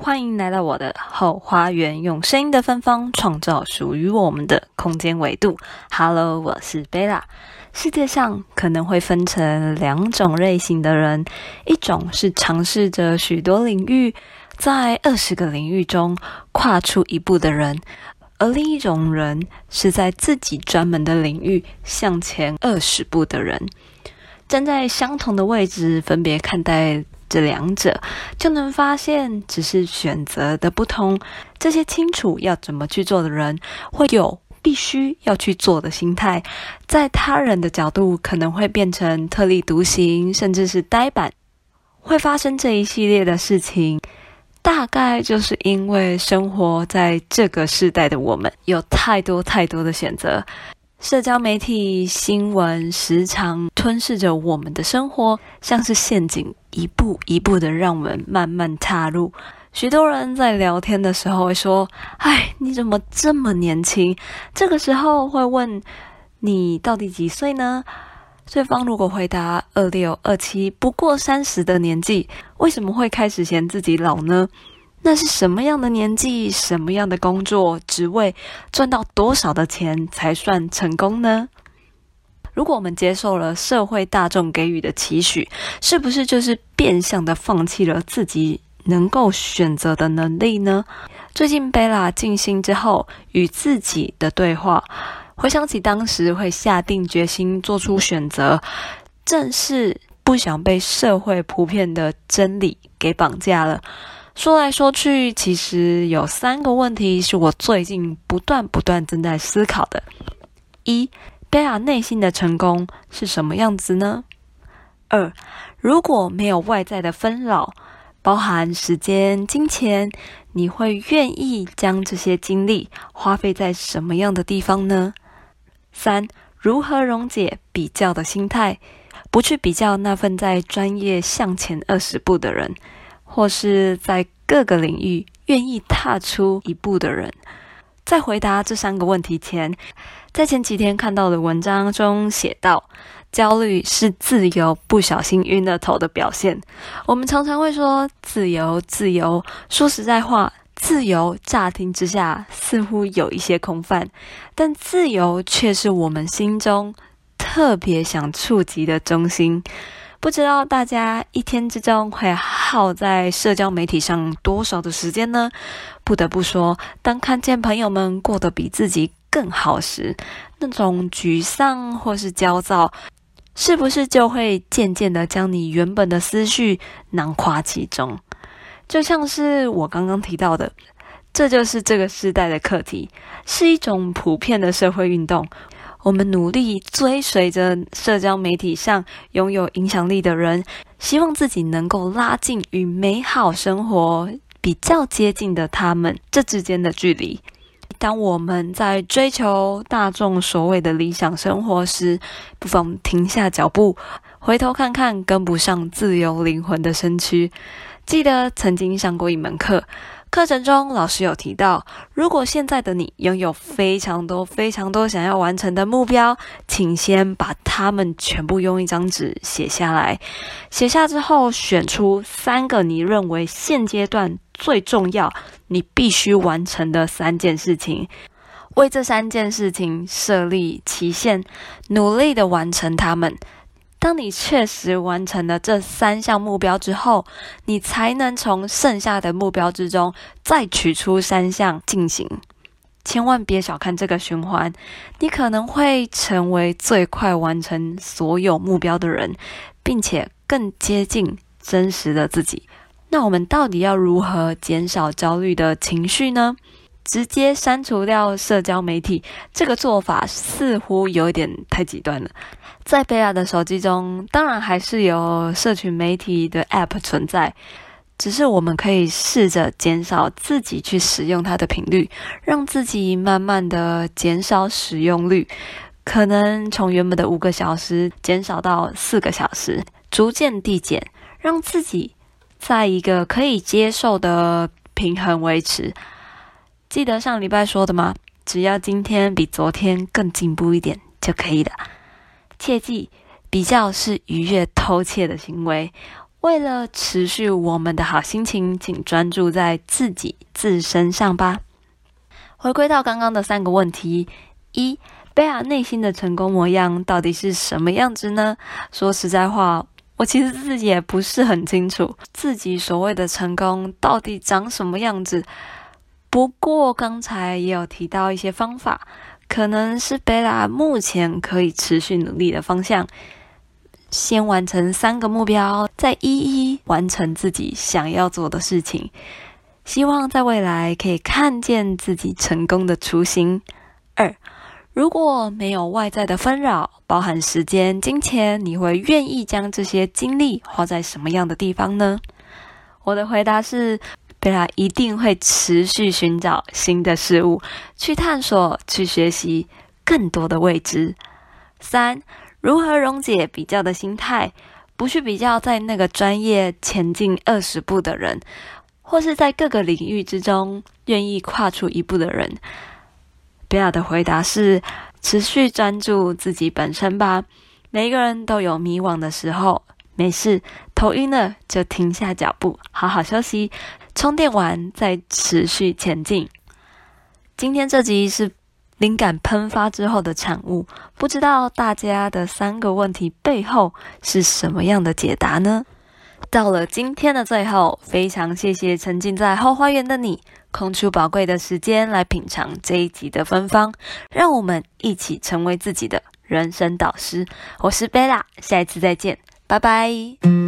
歡迎來到我的 Hoo 花園，用聲音的芬芳創造屬於我們的空間維度。Hello，我是 Bella。世界上可能會分成兩種類型的人：一種是嘗試着許多領域，在二十個領域中跨出一步的人；而另一種人是在自己專門的領域向前二十步的人。站在相同的位置，分別看待。這兩者就能發現，只是選擇的不同。這些清楚要怎麼去做的人，會有必須要去做的心態，在他人的角度可能會變成特立獨行，甚至是呆板。會發生這一系列的事情，大概就是因為生活在這個世代的我們，有太多太多的選擇。社交媒體、新聞時常吞噬着我們的生活，像是陷阱。一步一步的讓我們慢慢踏入。許多人在聊天的時候會說：“哎，你怎麼這麼年輕？”這個時候會問：“你到底幾歲呢？”對方如果回答“二六、二七，不過三十的年紀”，為什麼會開始嫌自己老呢？那是什麼樣的年紀？什麼樣的工作，職位？賺到多少的錢才算成功呢？如果我們接受了社會大眾給予的期許，是不是就是變相的放棄了自己能夠選擇的能力呢？最近貝拉靜心之後與自己的對話，回想起當時會下定決心做出選擇，正是不想被社會普遍的真理給綁架了。說來說去，其實有三個問題是我最近不斷不斷正在思考的。一，貝爾內心的成功是什麼樣子呢？二，如果沒有外在的紛擾，包含時間、金錢，你會願意將這些精力花費在什麼樣的地方呢？三，如何溶解比較的心態，不去比較那份在專業向前二十步的人，或是在各個領域願意踏出一步的人？在回答這三個問題前，在前幾天看到的文章中寫道，焦慮是自由不小心暈了頭的表現。我們常常會說自由，自由。說實在話，自由乍聽之下似乎有一些空泛，但自由卻是我們心中特別想觸及的中心。不知道大家一天之中會耗在社交媒體上多少的時間呢？不得不說，當看見朋友們過得比自己更好時，那種沮喪或是焦躁，是不是就會漸漸地將你原本的思緒囊括其中？就像是我剛剛提到的，這就是這個時代的課題，是一種普遍的社會運動。我們努力追隨着社交媒體上擁有影響力的人，希望自己能夠拉近與美好生活比較接近的他們這之間的距離。當我們在追求大眾所謂的理想生活時，不妨停下腳步，回頭看看跟不上自由靈魂的身軀。記得曾經上過一門課。課程中，老師有提到，如果現在的你擁有非常多、非常多想要完成的目標，請先把它們全部用一張紙寫下來。寫下之後，選出三個你認為現階段最重要、你必須完成的三件事情，為這三件事情設立期限，努力的完成它們。當你確實完成了這三項目標之後，你才能從剩下的目標之中再取出三項進行。千萬別小看這個循環，你可能會成為最快完成所有目標的人，並且更接近真實的自己。那我們到底要如何減少焦慮的情緒呢？直接刪除掉社交媒體，這個做法似乎有點太極端了。在 Bella 的手機中，當然還是有社群媒體的 App 存在，只是我們可以試着減少自己去使用它的頻率，讓自己慢慢的減少使用率，可能從原本的五個小時減少到四個小時，逐漸遞減，讓自己在一個可以接受的平衡維持。記得上禮拜說的嗎？只要今天比昨天更進步一點就可以了。切記，比較是愉悅偷竊的行為。為了持續我們的好心情，請專注在自己自身上吧。回歸到剛剛的三個問題：一、貝拉內心的成功模樣到底是什麼樣子呢？說實在話，我其實自己也不是很清楚，自己所謂的成功到底長什麼樣子。不過剛才也有提到一些方法。可能是貝拉目前可以持續努力的方向，先完成三個目標，再一一完成自己想要做的事情。希望在未來可以看見自己成功的雛形。二，如果沒有外在的紛擾，包含時間、金錢，你會願意將這些精力花在什麼樣的地方呢？我的回答是。貝拉一定會持續尋找新的事物，去探索，去學習更多的未知。三，如何溶解比較的心態？不去比較在那個專業前進二十步的人，或是在各個領域之中願意跨出一步的人。貝拉的回答是：持續專注自己本身吧。每一個人都有迷惘的時候，沒事，頭暈了就停下腳步，好好休息。充電完再持續前進。今天這集是靈感噴發之後的產物，不知道大家的三個問題背後是什麼樣的解答呢？到了今天的最後，非常謝謝沉浸在 Hoo 花園的你，空出寶貴的時間來品嘗這一集的芬芳，讓我們一起成為自己的人生導師。我是 Bella，下一次再見，拜拜。